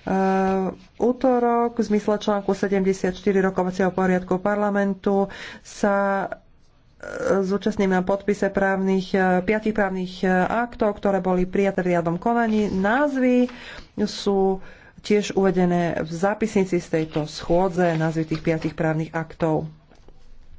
Eh, útorok v zmysle článku 74 rokovacieho poriadku parlamentu sa eh, zúčastním na podpise právnych, eh, piatich právnych aktov, ktoré boli prijaté v riadom konaní. Názvy sú tiež uvedené v zápisnici z tejto schôdze, názvy tých piatich právnych aktov.